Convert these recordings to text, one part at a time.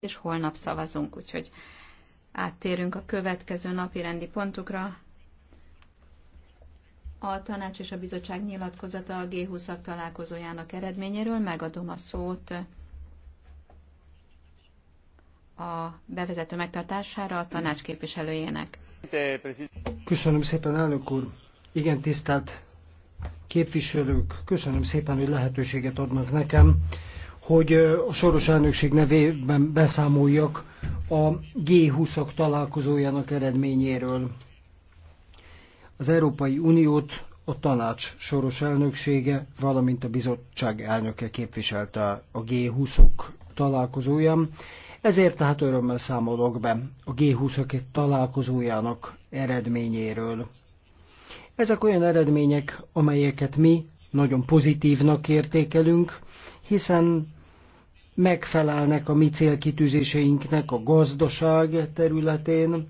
és holnap szavazunk, úgyhogy áttérünk a következő napi rendi pontokra. A tanács és a bizottság nyilatkozata a G20-ak találkozójának eredményéről. Megadom a szót a bevezető megtartására a tanács képviselőjének. Köszönöm szépen, elnök úr. Igen, tisztelt képviselők, köszönöm szépen, hogy lehetőséget adnak nekem hogy a soros elnökség nevében beszámoljak a G20-ak találkozójának eredményéről. Az Európai Uniót a tanács soros elnöksége, valamint a bizottság elnöke képviselte a G20-ok találkozóján. Ezért tehát örömmel számolok be a g 20 ok találkozójának eredményéről. Ezek olyan eredmények, amelyeket mi nagyon pozitívnak értékelünk, hiszen megfelelnek a mi célkitűzéseinknek a gazdaság területén.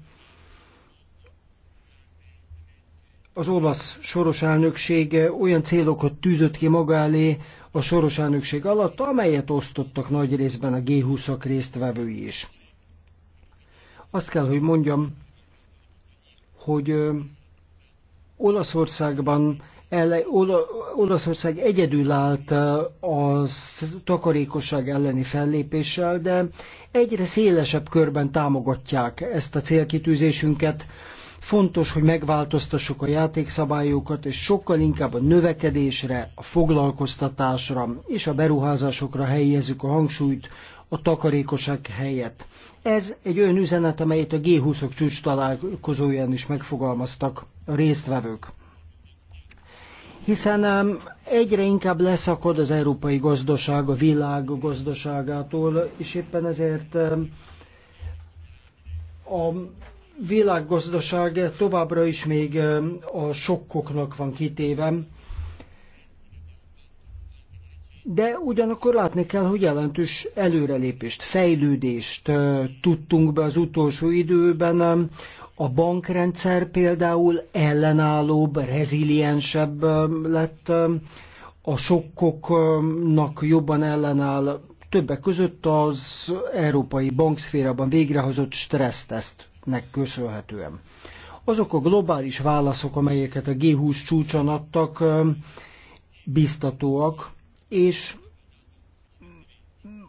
Az olasz soros elnökség olyan célokat tűzött ki maga elé a soros elnökség alatt, amelyet osztottak nagy részben a G20-ak résztvevői is. Azt kell, hogy mondjam, hogy Olaszországban ele, Olaszország egyedül állt a takarékosság elleni fellépéssel, de egyre szélesebb körben támogatják ezt a célkitűzésünket. Fontos, hogy megváltoztassuk a játékszabályokat, és sokkal inkább a növekedésre, a foglalkoztatásra és a beruházásokra helyezzük a hangsúlyt a takarékosság helyett. Ez egy olyan üzenet, amelyet a G20-ok csúcs találkozóján is megfogalmaztak a résztvevők hiszen egyre inkább leszakad az európai gazdaság a világ gazdaságától, és éppen ezért a világgazdaság továbbra is még a sokkoknak van kitéve. De ugyanakkor látni kell, hogy jelentős előrelépést, fejlődést tudtunk be az utolsó időben. A bankrendszer például ellenállóbb, reziliensebb lett, a sokkoknak jobban ellenáll, többek között az európai bankszférában végrehozott stressztesztnek köszönhetően. Azok a globális válaszok, amelyeket a G20 csúcson adtak, biztatóak, és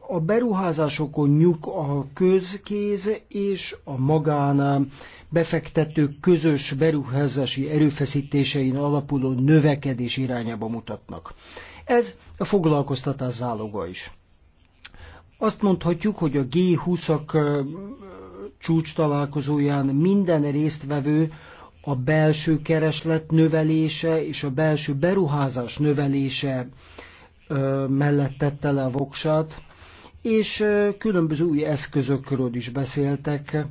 a beruházásokon nyug a közkéz és a magán befektetők közös beruházási erőfeszítésein alapuló növekedés irányába mutatnak. Ez a foglalkoztatás záloga is. Azt mondhatjuk, hogy a G20-ak csúcs találkozóján minden résztvevő a belső kereslet növelése és a belső beruházás növelése mellett tette le a voksát, és különböző új eszközökről is beszéltek,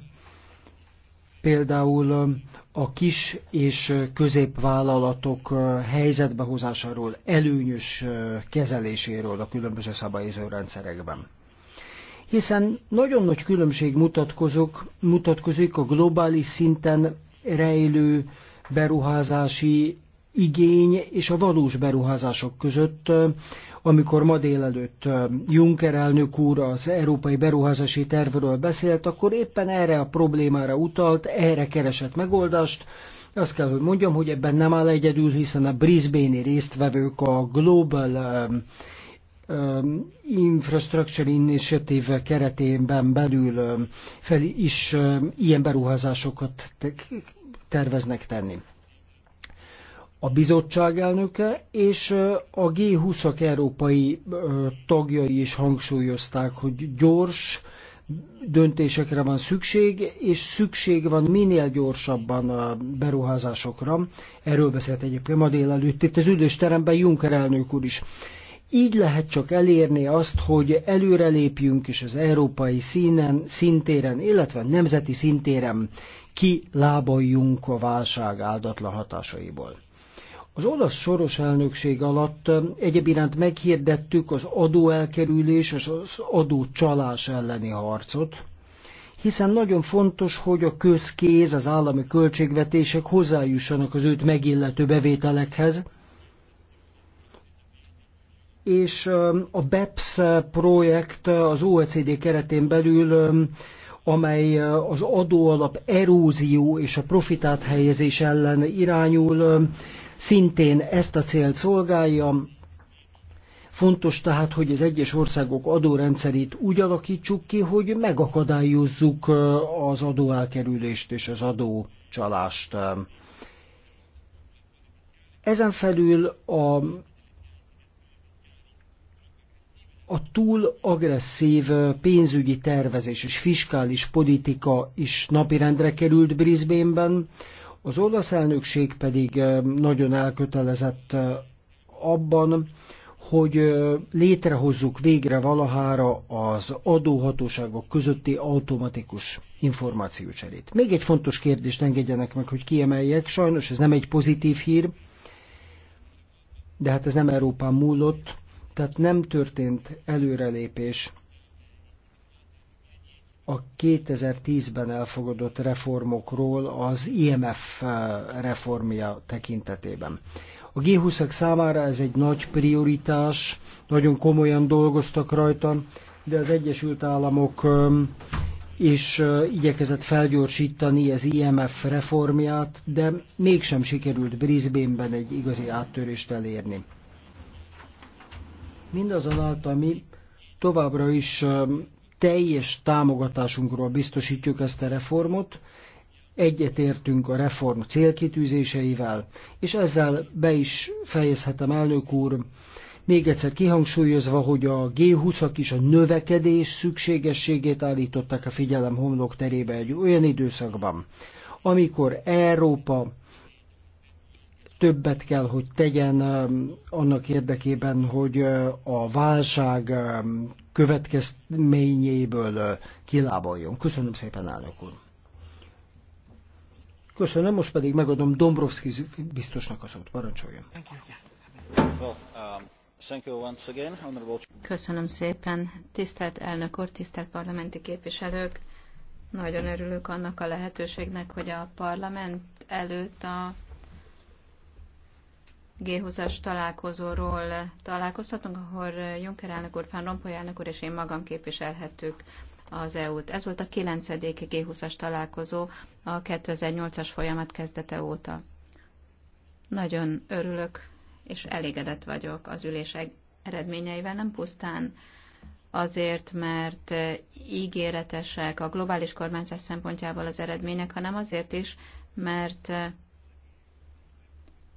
például a kis és középvállalatok helyzetbehozásáról, előnyös kezeléséről a különböző szabályozó rendszerekben. Hiszen nagyon nagy különbség mutatkozik mutatkozik a globális szinten rejlő beruházási igény és a valós beruházások között, amikor ma délelőtt Juncker elnök úr az európai beruházási tervről beszélt, akkor éppen erre a problémára utalt, erre keresett megoldást. Azt kell, hogy mondjam, hogy ebben nem áll egyedül, hiszen a Brisbane-i résztvevők a Global Infrastructure Initiative keretében belül fel is ilyen beruházásokat terveznek tenni a bizottság elnöke és a G20-ak európai tagjai is hangsúlyozták, hogy gyors döntésekre van szükség, és szükség van minél gyorsabban a beruházásokra. Erről beszélt egyébként ma délelőtt itt az teremben Juncker elnök úr is. Így lehet csak elérni azt, hogy előrelépjünk és az európai színen, szintéren, illetve nemzeti szintéren kilábaljunk a válság áldatlan hatásaiból. Az olasz soros elnökség alatt egyebiránt meghirdettük az adóelkerülés és az adócsalás elleni harcot, hiszen nagyon fontos, hogy a közkéz, az állami költségvetések hozzájussanak az őt megillető bevételekhez, és a BEPS projekt az OECD keretén belül, amely az adóalap erózió és a profitát helyezés ellen irányul, szintén ezt a célt szolgálja, Fontos tehát, hogy az egyes országok adórendszerét úgy alakítsuk ki, hogy megakadályozzuk az adóelkerülést és az adócsalást. Ezen felül a, a túl agresszív pénzügyi tervezés és fiskális politika is napirendre került Brisbaneben. Az olasz elnökség pedig nagyon elkötelezett abban, hogy létrehozzuk végre valahára az adóhatóságok közötti automatikus információcserét. Még egy fontos kérdést engedjenek meg, hogy kiemeljek. Sajnos ez nem egy pozitív hír, de hát ez nem Európán múlott, tehát nem történt előrelépés a 2010-ben elfogadott reformokról az IMF eh, reformja tekintetében. A g 20 számára ez egy nagy prioritás, nagyon komolyan dolgoztak rajta, de az Egyesült Államok és eh, eh, igyekezett felgyorsítani az IMF reformját, de mégsem sikerült Brisbaneben egy igazi áttörést elérni. Mindazonáltal mi továbbra is teljes támogatásunkról biztosítjuk ezt a reformot, egyetértünk a reform célkitűzéseivel, és ezzel be is fejezhetem, elnök úr, még egyszer kihangsúlyozva, hogy a G20-ak is a növekedés szükségességét állították a figyelem homlok terébe egy olyan időszakban, amikor Európa többet kell, hogy tegyen um, annak érdekében, hogy uh, a válság um, következményéből kilábaljon. Köszönöm szépen, elnök úr. Köszönöm, most pedig megadom Dombrovszki biztosnak a szót. Parancsoljon. Köszönöm szépen, tisztelt elnök úr, tisztelt parlamenti képviselők. Nagyon örülök annak a lehetőségnek, hogy a parlament előtt a G20-as találkozóról találkozhatunk, ahol Juncker elnök úr, Fán Rompuy elnök úr és én magam képviselhettük az EU-t. Ez volt a 9. G20-as találkozó a 2008-as folyamat kezdete óta. Nagyon örülök és elégedett vagyok az ülés eredményeivel, nem pusztán azért, mert ígéretesek a globális kormányzás szempontjából az eredmények, hanem azért is, mert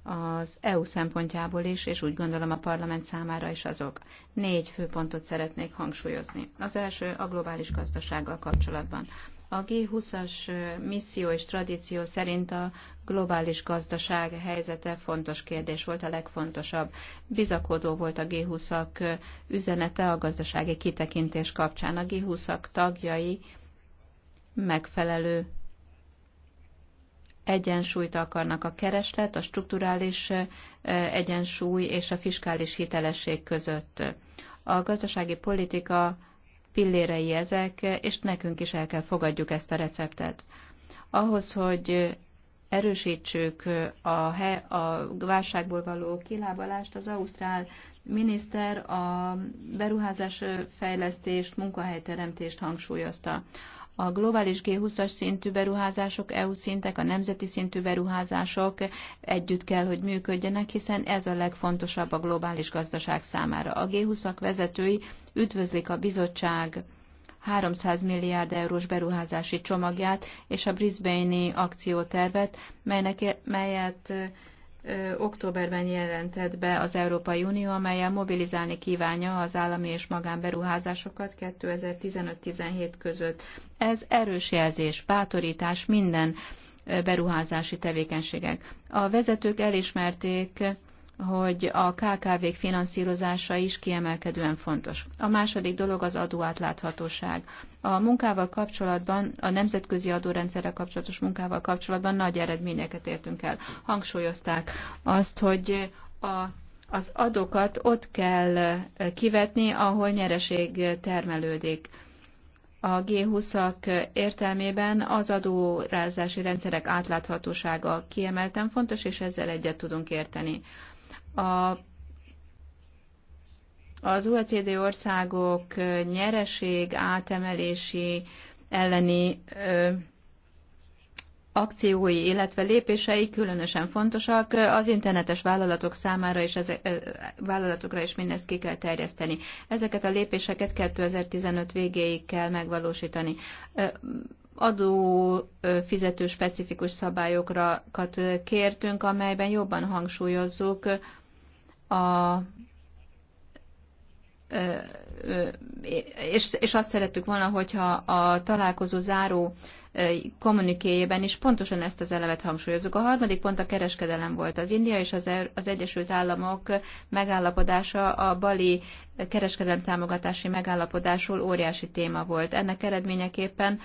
az EU szempontjából is, és úgy gondolom a parlament számára is azok. Négy főpontot szeretnék hangsúlyozni. Az első a globális gazdasággal kapcsolatban. A G20-as misszió és tradíció szerint a globális gazdaság helyzete fontos kérdés volt, a legfontosabb. Bizakodó volt a G20-ak üzenete a gazdasági kitekintés kapcsán. A G20-ak tagjai megfelelő egyensúlyt akarnak a kereslet, a strukturális egyensúly és a fiskális hitelesség között. A gazdasági politika pillérei ezek, és nekünk is el kell fogadjuk ezt a receptet. Ahhoz, hogy erősítsük a, he, a válságból való kilábalást, az ausztrál miniszter a beruházás fejlesztést, munkahelyteremtést hangsúlyozta a globális G20-as szintű beruházások, EU szintek, a nemzeti szintű beruházások együtt kell, hogy működjenek, hiszen ez a legfontosabb a globális gazdaság számára. A G20-ak vezetői üdvözlik a bizottság 300 milliárd eurós beruházási csomagját és a Brisbane-i akciótervet, melynek, melyet októberben jelentett be az Európai Unió, amelyel mobilizálni kívánja az állami és magánberuházásokat 2015-17 között. Ez erős jelzés, bátorítás minden beruházási tevékenységek. A vezetők elismerték hogy a KKV-k finanszírozása is kiemelkedően fontos. A második dolog az adóátláthatóság. A munkával kapcsolatban, a nemzetközi adórendszerrel kapcsolatos munkával kapcsolatban nagy eredményeket értünk el. Hangsúlyozták azt, hogy a az adókat ott kell kivetni, ahol nyereség termelődik. A G20-ak értelmében az adórázási rendszerek átláthatósága kiemelten fontos, és ezzel egyet tudunk érteni. A, az OECD országok nyereség átemelési elleni ö, akciói, illetve lépései különösen fontosak. Az internetes vállalatok számára és ezek, vállalatokra is mindezt ki kell terjeszteni. Ezeket a lépéseket 2015 végéig kell megvalósítani adó fizető specifikus szabályokat kértünk, amelyben jobban hangsúlyozzuk a és, és azt szerettük volna, hogyha a találkozó záró kommunikéjében is pontosan ezt az elevet hangsúlyozunk. A harmadik pont a kereskedelem volt. Az India és az, er, az Egyesült Államok megállapodása a bali kereskedelem támogatási megállapodásról óriási téma volt. Ennek eredményeképpen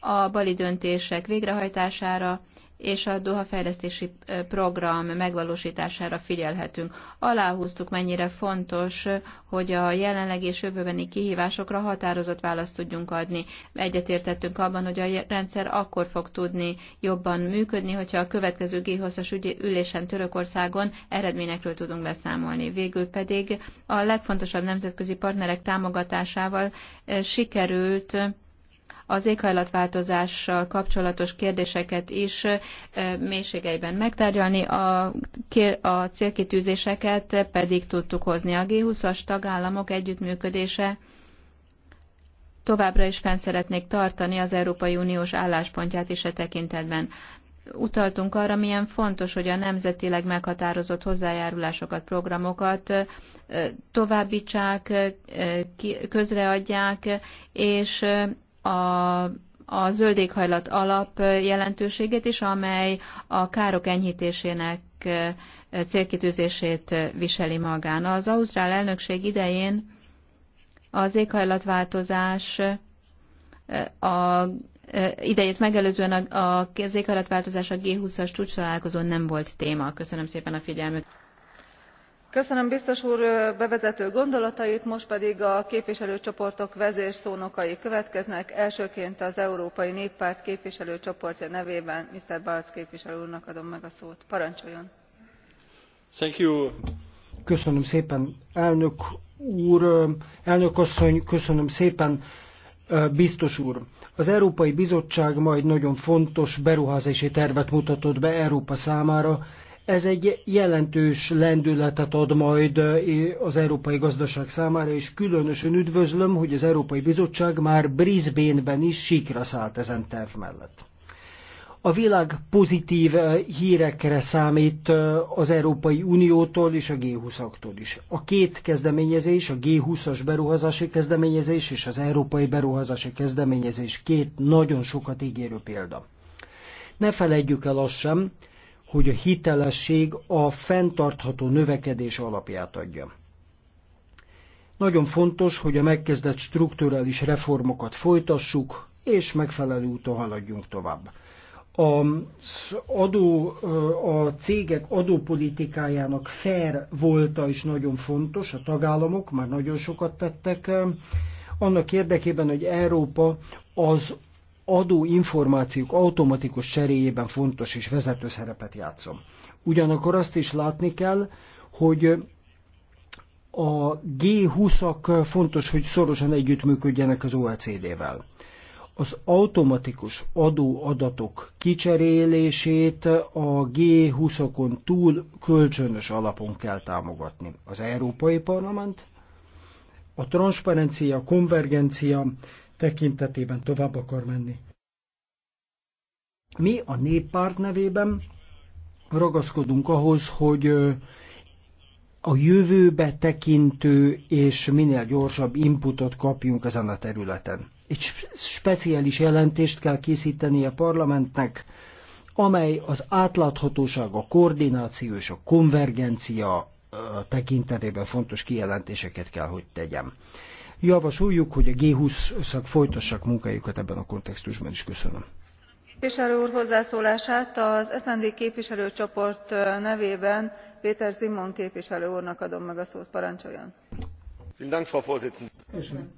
a bali döntések végrehajtására és a Doha fejlesztési program megvalósítására figyelhetünk. Aláhúztuk, mennyire fontos, hogy a jelenlegi és jövőbeni kihívásokra határozott választ tudjunk adni. Egyetértettünk abban, hogy a rendszer akkor fog tudni jobban működni, hogyha a következő g ülésen Törökországon eredményekről tudunk beszámolni. Végül pedig a legfontosabb nemzetközi partnerek támogatásával sikerült az éghajlatváltozással kapcsolatos kérdéseket is mélységeiben megtárgyalni, a, a célkitűzéseket pedig tudtuk hozni. A G20-as tagállamok együttműködése továbbra is fenn szeretnék tartani az Európai Uniós álláspontját is e tekintetben. Utaltunk arra, milyen fontos, hogy a nemzetileg meghatározott hozzájárulásokat, programokat továbbítsák, közreadják, és a, a éghajlat alap jelentőségét is, amely a károk enyhítésének eh, célkitűzését viseli magán. Az Ausztrál elnökség idején az éghajlatváltozás eh, a eh, idejét megelőzően a, a, az éghajlatváltozás a G20-as csúcs találkozón nem volt téma. Köszönöm szépen a figyelmet köszönöm biztos úr bevezető gondolatait most pedig a képviselőcsoportok vezérszónokai következnek elsőként az európai néppárt képviselőcsoportja nevében mr balz képviselő úrnak adom meg a szót. parancsoljon! köszönöm szépen elnök úr elnök asszony köszönöm szépen biztos úr! az európai bizottság majd nagyon fontos beruházási tervet mutatott be európa számára ez egy jelentős lendületet ad majd eh, az európai gazdaság számára, és különösen üdvözlöm, hogy az Európai Bizottság már Brisbane-ben is sikra szállt ezen terv mellett. A világ pozitív eh, hírekre számít eh, az Európai Uniótól és a G20-aktól is. A két kezdeményezés, a G20-as beruházási kezdeményezés és az Európai Beruházási Kezdeményezés két nagyon sokat ígérő példa. Ne feledjük el azt sem, hogy a hitelesség a fenntartható növekedés alapját adja. Nagyon fontos, hogy a megkezdett strukturális reformokat folytassuk, és megfelelő úton haladjunk tovább. A, adó, a cégek adópolitikájának fair volta is nagyon fontos, a tagállamok már nagyon sokat tettek, annak érdekében, hogy Európa az adó információk automatikus cseréjében fontos és vezető szerepet játszom. Ugyanakkor azt is látni kell, hogy a G20-ak fontos, hogy szorosan együttműködjenek az OECD-vel. Az automatikus adóadatok kicserélését a G20-okon túl kölcsönös alapon kell támogatni. Az Európai Parlament a transzparencia, konvergencia tekintetében tovább akar menni. Mi a néppárt nevében ragaszkodunk ahhoz, hogy a jövőbe tekintő és minél gyorsabb inputot kapjunk ezen a területen. Egy speciális jelentést kell készíteni a parlamentnek, amely az átláthatóság, a koordináció és a konvergencia tekintetében fontos kijelentéseket kell, hogy tegyem javasoljuk, hogy a G20 szak folytassák munkájukat ebben a kontextusban is. Köszönöm. Képviselő úr hozzászólását az SND képviselőcsoport nevében Péter Simon képviselő úrnak adom meg a szót. Parancsoljon. Köszönöm Köszönöm.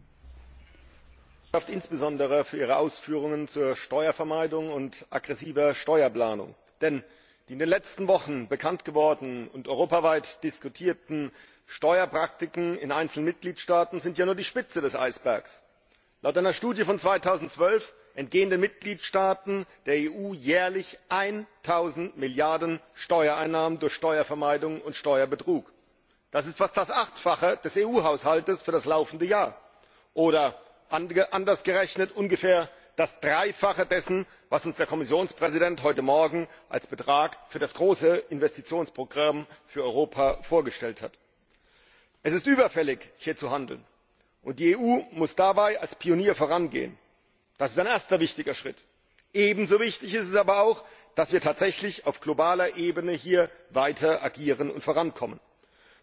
die in den letzten wochen bekannt geworden und europaweit diskutierten steuerpraktiken in einzelnen mitgliedstaaten sind ja nur die spitze des eisbergs. laut einer studie von zweitausendzwölf entgehen den mitgliedstaaten der eu jährlich eins null milliarden steuereinnahmen durch steuervermeidung und steuerbetrug. das ist fast das achtfache des eu haushalts für das laufende jahr oder anders gerechnet ungefähr das dreifache dessen was uns der kommissionspräsident heute morgen als betrag für das große investitionsprogramm für europa vorgestellt hat es ist überfällig hier zu handeln und die eu muss dabei als pionier vorangehen. das ist ein erster wichtiger schritt. ebenso wichtig ist es aber auch dass wir tatsächlich auf globaler ebene hier weiter agieren und vorankommen.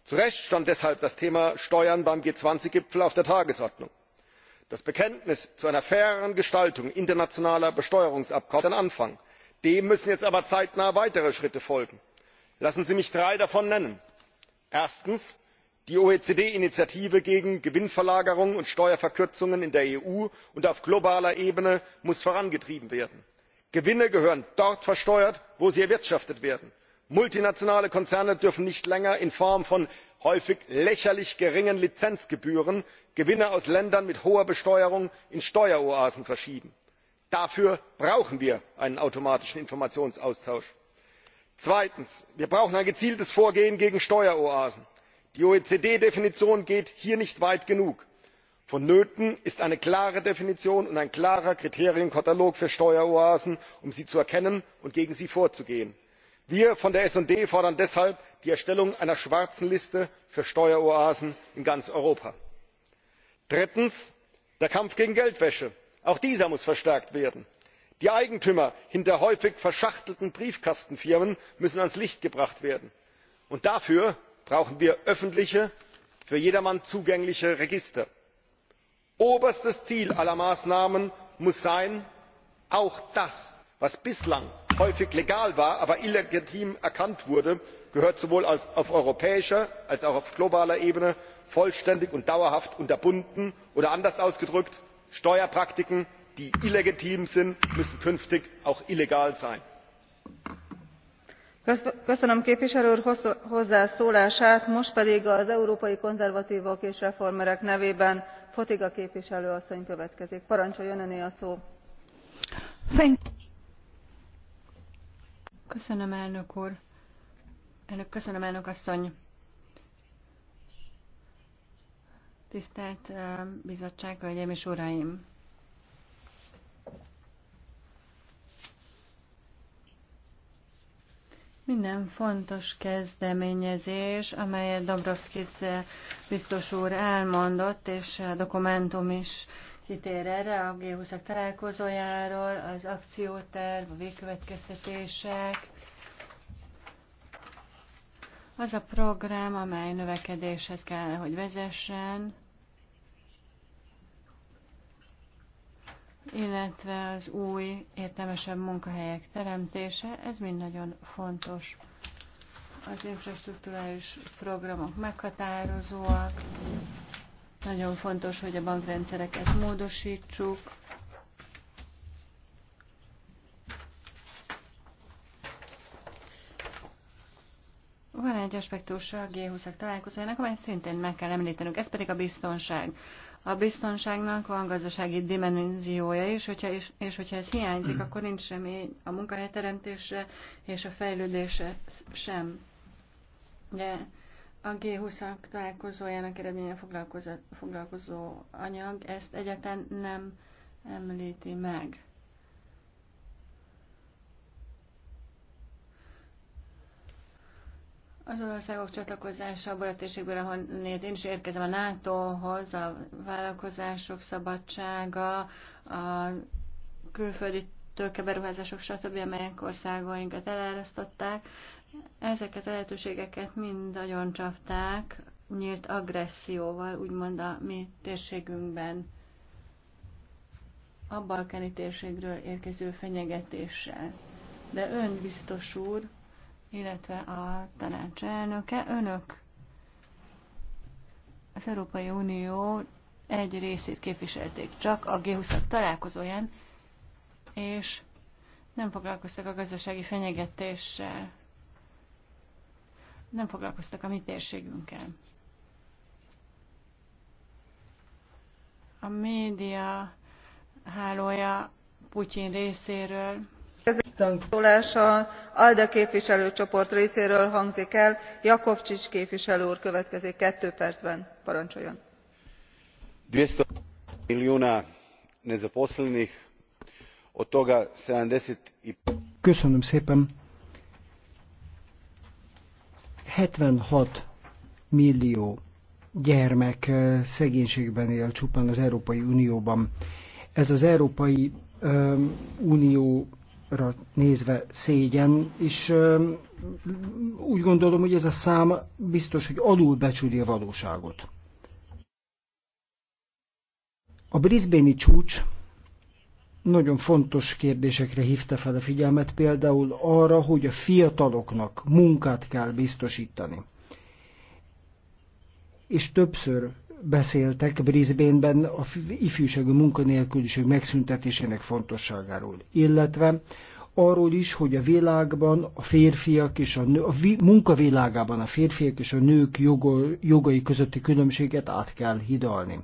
zu recht stand deshalb das thema steuern beim g zwanzig gipfel auf der tagesordnung. das bekenntnis zu einer faireren gestaltung internationaler besteuerungsabkommen ist ein anfang. dem müssen jetzt aber zeitnah weitere schritte folgen. lassen sie mich drei davon nennen erstens die oecd initiative gegen gewinnverlagerung und steuerverkürzungen in der eu und auf globaler ebene muss vorangetrieben werden. gewinne gehören dort versteuert wo sie erwirtschaftet werden. multinationale konzerne dürfen nicht länger in form von häufig lächerlich geringen lizenzgebühren gewinne aus ländern mit hoher besteuerung in steueroasen verschieben. dafür brauchen wir einen automatischen informationsaustausch. zweitens wir brauchen ein gezieltes vorgehen gegen steueroasen die oecd definition geht hier nicht weit genug. vonnöten ist eine klare definition und ein klarer kriterienkatalog für steueroasen um sie zu erkennen und gegen sie vorzugehen. wir von der sd fordern deshalb die erstellung einer schwarzen liste für steueroasen in ganz europa. drittens der kampf gegen geldwäsche auch dieser muss verstärkt werden. die eigentümer hinter häufig verschachtelten briefkastenfirmen müssen ans licht gebracht werden und dafür brauchen wir öffentliche für jedermann zugängliche register. oberstes ziel aller maßnahmen muss sein auch das was bislang häufig legal war aber illegitim erkannt wurde gehört sowohl auf europäischer als auch auf globaler ebene vollständig und dauerhaft unterbunden oder anders ausgedrückt steuerpraktiken die illegitim sind müssen künftig auch illegal sein köszönöm képviselő úr hozzászólását most pedig az európai konzervatvok és reformerek nevében fotyga képviselő asszony következik. parancsoljon öné a szó! köszönöm elnök Elnök, köszönöm elnök asszony! tisztelt bizottság hölgyeim és uraim! Minden fontos kezdeményezés, amelyet Dabrowskis eh, biztos úr elmondott, és a dokumentum is kitér erre, a g 20 találkozójáról, az akcióterv, a végkövetkeztetések, az a program, amely növekedéshez kell, hogy vezessen, illetve az új, értelmesebb munkahelyek teremtése, ez mind nagyon fontos. Az infrastruktúrális programok meghatározóak, nagyon fontos, hogy a bankrendszereket módosítsuk, Van egy aspektus a G20-ak találkozójának, amelyet szintén meg kell említenünk, ez pedig a biztonság. A biztonságnak van gazdasági dimenziója is, hogyha is, és hogyha ez hiányzik, akkor nincs remény a munkahelyteremtésre és a fejlődésre sem. De a g 20 találkozójának eredménye foglalkozó anyag ezt egyetlen nem említi meg. Az országok csatlakozása abban a térségből, ahonnél én is érkezem a NATO-hoz, a vállalkozások szabadsága, a külföldi tőkeberuházások, stb., amelyek országainkat elárasztották, ezeket a lehetőségeket mind nagyon csapták, nyílt agresszióval, úgymond a mi térségünkben, a balkáni térségről érkező fenyegetéssel. De ön, biztos úr, illetve a tanács elnöke. Önök az Európai Unió egy részét képviselték csak a g 20 találkozóján, és nem foglalkoztak a gazdasági fenyegetéssel, nem foglalkoztak a mi térségünkkel. A média hálója Putyin részéről szólás az alde képviselőcsoport részéről hangzik el jakovi képviselő úr következik two percben parancsoljon. two hundred milijuna nezaposlenih od toga. seventy six millió gyermek eh, szegénységben él csupán az európai unióban. ez az európai eh, unió nézve szégyen, és úgy gondolom, hogy ez a szám biztos, hogy alulbecsüli a valóságot. A Brisbane-i csúcs nagyon fontos kérdésekre hívta fel a figyelmet, például arra, hogy a fiataloknak munkát kell biztosítani. És többször beszéltek Brisbaneben a ifjúsági munkanélküliség megszüntetésének fontosságáról, illetve arról is, hogy a világban a férfiak és a, nő, a munkavilágában a férfiak és a nők jogo, jogai közötti különbséget át kell hidalni.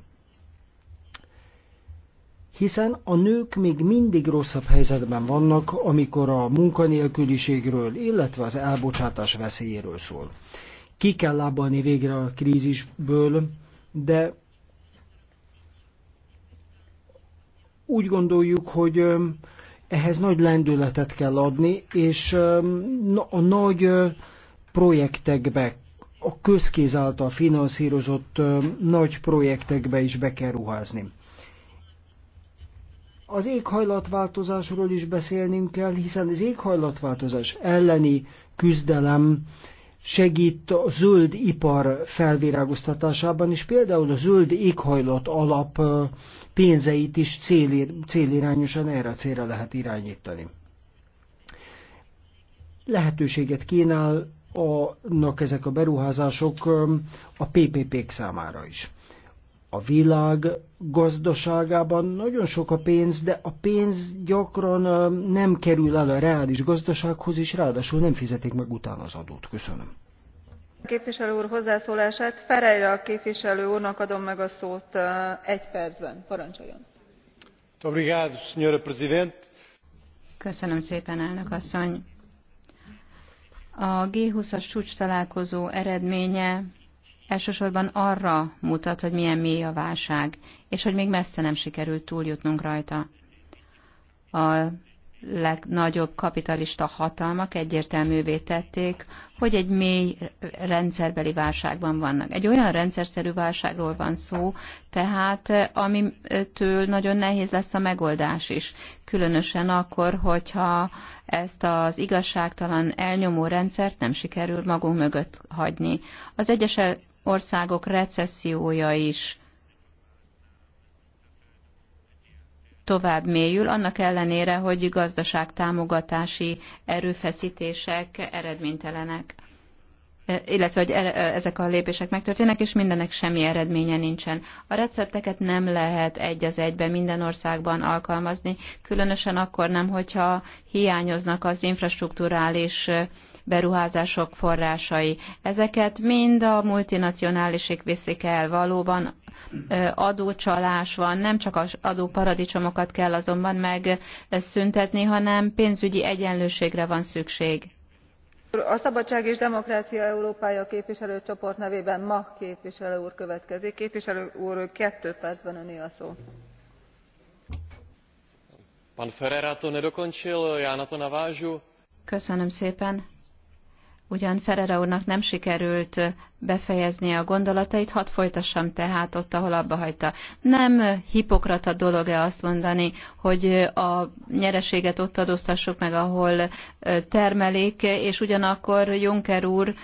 Hiszen a nők még mindig rosszabb helyzetben vannak, amikor a munkanélküliségről, illetve az elbocsátás veszélyéről szól. Ki kell lábalni végre a krízisből, de úgy gondoljuk, hogy ehhez nagy lendületet kell adni, és a nagy projektekbe, a közkéz által finanszírozott nagy projektekbe is be kell ruházni. Az éghajlatváltozásról is beszélnünk kell, hiszen az éghajlatváltozás elleni küzdelem segít a zöld ipar felvirágoztatásában, és például a zöld éghajlat alap pénzeit is célirányosan erre a célra lehet irányítani. Lehetőséget kínálnak ezek a beruházások a PPP-k számára is a világ gazdaságában nagyon sok a pénz, de a pénz gyakran nem kerül el a reális gazdasághoz, és ráadásul nem fizetik meg utána az adót. Köszönöm. Képviselő úr hozzászólását. a képviselő úrnak adom meg a szót egy percben. Parancsoljon. Köszönöm szépen, elnök asszony. A G20-as csúcs találkozó eredménye elsősorban arra mutat, hogy milyen mély a válság, és hogy még messze nem sikerült túljutnunk rajta. A legnagyobb kapitalista hatalmak egyértelművé tették, hogy egy mély rendszerbeli válságban vannak. Egy olyan rendszerszerű válságról van szó, tehát amitől nagyon nehéz lesz a megoldás is, különösen akkor, hogyha ezt az igazságtalan elnyomó rendszert nem sikerül magunk mögött hagyni. Az egyes országok recessziója is tovább mélyül, annak ellenére, hogy gazdaságtámogatási erőfeszítések eredménytelenek e, illetve hogy e, e, ezek a lépések megtörténnek, és mindenek semmi eredménye nincsen. A recepteket nem lehet egy az egyben minden országban alkalmazni, különösen akkor nem, hogyha hiányoznak az infrastruktúrális beruházások forrásai. Ezeket mind a multinacionálisik viszik el valóban adócsalás van, nem csak az adóparadicsomokat kell azonban megszüntetni, hanem pénzügyi egyenlőségre van szükség. A Szabadság és Demokrácia Európája képviselőcsoport nevében ma képviselő úr következik. Képviselő úr, kettő percben öné a szó. Pan Ferreira to nedokončil, já na to navážu. Köszönöm szépen. Ugyan Ferrera úrnak nem sikerült befejezni a gondolatait, hadd folytassam tehát ott, ahol abba hagyta. Nem hipokrata dolog-e azt mondani, hogy a nyereséget ott adóztassuk meg, ahol termelik, és ugyanakkor Juncker úr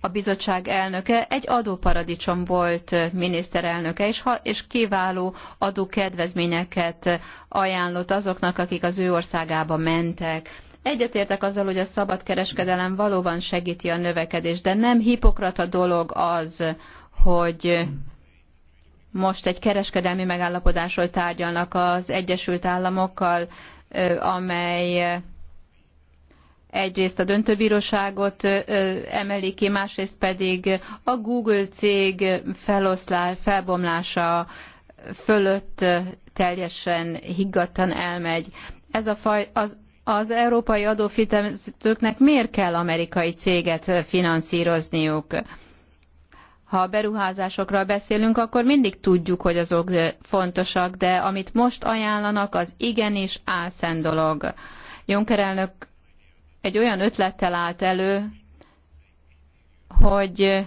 a bizottság elnöke egy adóparadicsom volt miniszterelnöke, és, ha, és kiváló adókedvezményeket ajánlott azoknak, akik az ő országába mentek Egyetértek azzal, hogy a szabad kereskedelem valóban segíti a növekedést, de nem hipokrata dolog az, hogy most egy kereskedelmi megállapodásról tárgyalnak az Egyesült Államokkal, amely egyrészt a döntőbíróságot emeli ki, másrészt pedig a Google cég feloszlá, felbomlása fölött teljesen higgadtan elmegy. Ez a faj, az, az európai adófizetőknek miért kell amerikai céget finanszírozniuk? Ha beruházásokról beszélünk, akkor mindig tudjuk, hogy azok fontosak, de amit most ajánlanak, az igenis álszent dolog. Juncker elnök egy olyan ötlettel állt elő, hogy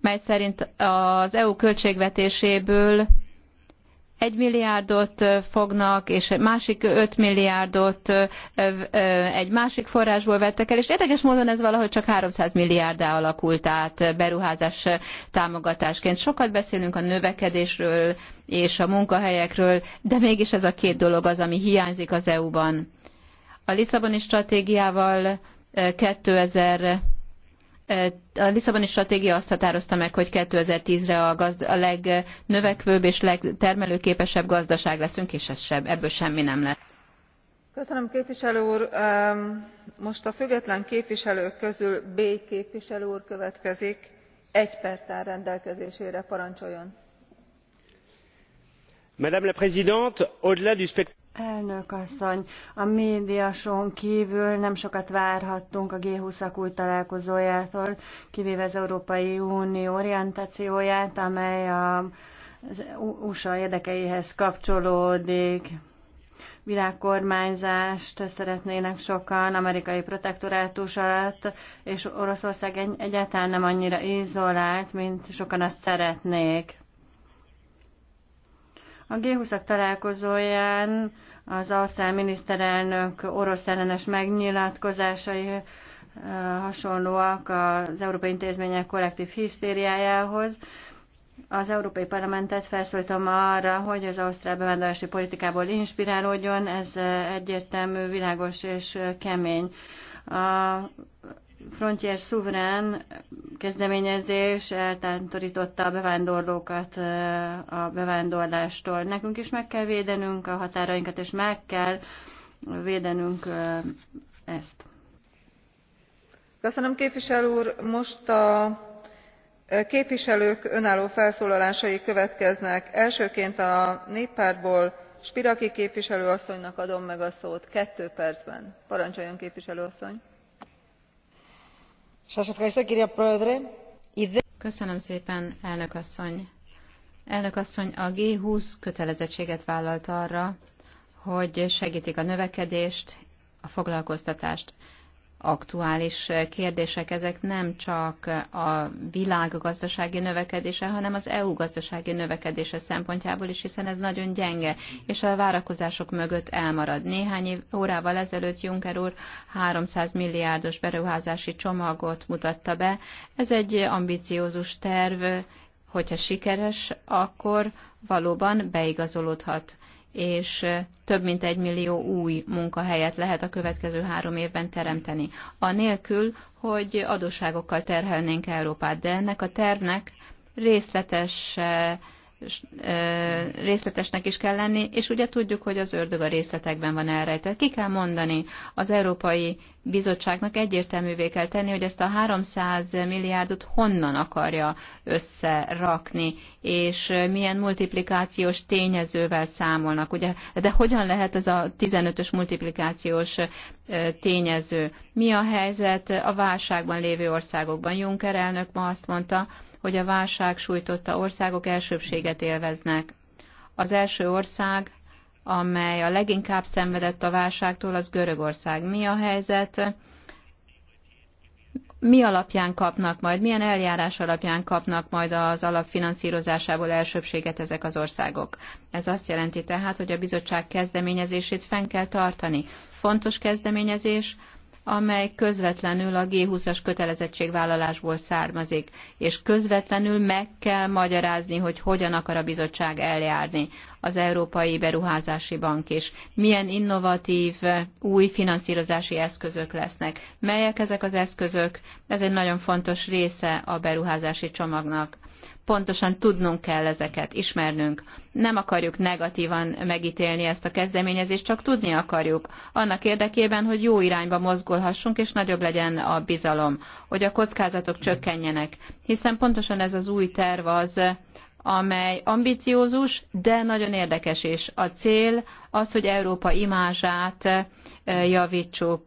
mely szerint az EU költségvetéséből 1 milliárdot fognak, és másik 5 milliárdot egy másik forrásból vettek el, és érdekes módon ez valahogy csak 300 milliárdá alakult át beruházás támogatásként. Sokat beszélünk a növekedésről és a munkahelyekről, de mégis ez a két dolog az, ami hiányzik az EU-ban. A Lisszaboni stratégiával 2000 a Lisszaboni stratégia azt határozta meg, hogy 2010-re a, gazd- a legnövekvőbb és legtermelőképesebb gazdaság leszünk, és ez sem, ebből semmi nem lett. Köszönöm képviselő úr. Most a független képviselők közül B képviselő úr következik. Egy perc áll rendelkezésére, parancsoljon. Madame la Présidente, au-delà du spectacle Elnök asszony, a médiason kívül nem sokat várhattunk a g 20 új találkozójától, kivéve az Európai Unió orientációját, amely a USA érdekeihez kapcsolódik. Világkormányzást szeretnének sokan amerikai protektorátus alatt, és Oroszország egyáltalán nem annyira izolált, mint sokan azt szeretnék. A g 20 találkozóján az ausztrál miniszterelnök orosz ellenes megnyilatkozásai hasonlóak az európai intézmények kollektív hisztériájához. Az Európai Parlamentet felszóltam arra, hogy az ausztrál bevándorlási politikából inspirálódjon, ez egyértelmű, világos és kemény. A Frontier szuverán kezdeményezés eltántorította a bevándorlókat a bevándorlástól. Nekünk is meg kell védenünk a határainkat, és meg kell védenünk ezt. Köszönöm képviselő úr. Most a képviselők önálló felszólalásai következnek. Elsőként a néppártból Spiraki képviselő asszonynak adom meg a szót kettő percben. Parancsoljon képviselő asszony! Köszönöm szépen, elnök asszony. Elnök asszony, a G20 kötelezettséget vállalt arra, hogy segítik a növekedést, a foglalkoztatást aktuális kérdések, ezek nem csak a világ gazdasági növekedése, hanem az EU gazdasági növekedése szempontjából is, hiszen ez nagyon gyenge, és a várakozások mögött elmarad. Néhány órával ezelőtt Juncker úr 300 milliárdos beruházási csomagot mutatta be. Ez egy ambiciózus terv, hogyha sikeres, akkor valóban beigazolódhat és több mint egy millió új munkahelyet lehet a következő három évben teremteni. Anélkül, hogy adósságokkal terhelnénk Európát, de ennek a tervnek részletes részletesnek is kell lenni, és ugye tudjuk, hogy az ördög a részletekben van elrejtett. Ki kell mondani az európai bizottságnak egyértelművé kell tenni, hogy ezt a 300 milliárdot honnan akarja összerakni, és milyen multiplikációs tényezővel számolnak. Ugye, de hogyan lehet ez a 15-ös multiplikációs tényező? Mi a helyzet a válságban lévő országokban? Juncker elnök ma azt mondta, hogy a válság sújtotta országok elsőbséget élveznek. Az első ország amely a leginkább szenvedett a válságtól, az Görögország. Mi a helyzet? Mi alapján kapnak majd, milyen eljárás alapján kapnak majd az alapfinanszírozásából elsőbséget ezek az országok? Ez azt jelenti tehát, hogy a bizottság kezdeményezését fenn kell tartani. Fontos kezdeményezés, amely közvetlenül a G20-as kötelezettségvállalásból származik, és közvetlenül meg kell magyarázni, hogy hogyan akar a bizottság eljárni az Európai Beruházási Bank is. Milyen innovatív új finanszírozási eszközök lesznek. Melyek ezek az eszközök? Ez egy nagyon fontos része a beruházási csomagnak pontosan tudnunk kell ezeket, ismernünk. Nem akarjuk negatívan megítélni ezt a kezdeményezést, csak tudni akarjuk. Annak érdekében, hogy jó irányba mozgolhassunk, és nagyobb legyen a bizalom, hogy a kockázatok csökkenjenek. Hiszen pontosan ez az új terv az, amely ambiciózus, de nagyon érdekes is. A cél az, hogy Európa imázsát eh, javítsuk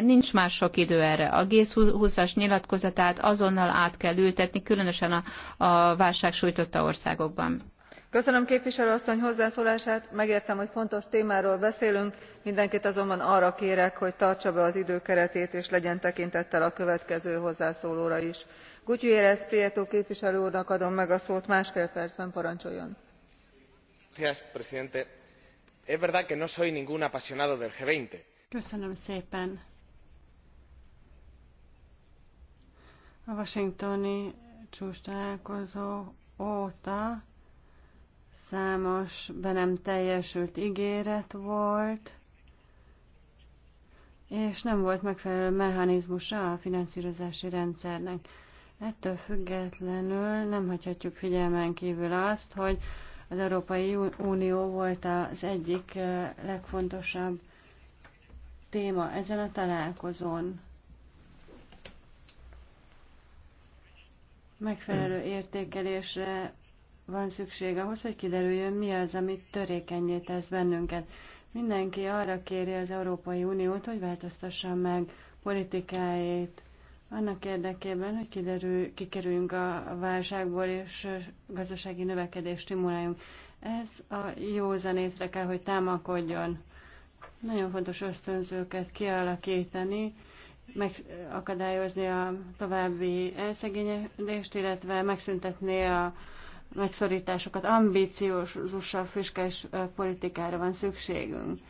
Nincs már sok idő erre. A G20-as nyilatkozatát azonnal át kell ültetni, különösen a, a válság sújtotta országokban. Köszönöm képviselő asszony hozzászólását. Megértem, hogy fontos témáról beszélünk, mindenkit azonban arra kérek, hogy tartsa be az időkeretét és legyen tekintettel a következő hozzászólóra is. Gutierrez Prieto képviselő úrnak adom meg a szót, másfél percben parancsoljon. Köszönöm szépen A washingtoni csúcs találkozó óta számos be nem teljesült ígéret volt, és nem volt megfelelő mechanizmusa a finanszírozási rendszernek. Ettől függetlenül nem hagyhatjuk figyelmen kívül azt, hogy az Európai Unió volt az egyik eh, legfontosabb téma ezen a találkozón. Megfelelő értékelésre van szükség ahhoz, hogy kiderüljön, mi az, amit törékenyé tesz bennünket. Mindenki arra kéri az Európai Uniót, hogy változtassa meg politikáit annak érdekében, hogy kiderül, kikerüljünk a válságból és gazdasági növekedést stimuláljunk. Ez a józan észre kell, hogy támakodjon. Nagyon fontos ösztönzőket kialakítani, megakadályozni a további elszegényedést, illetve megszüntetni a megszorításokat. Ambíciózusabb fiskális politikára van szükségünk.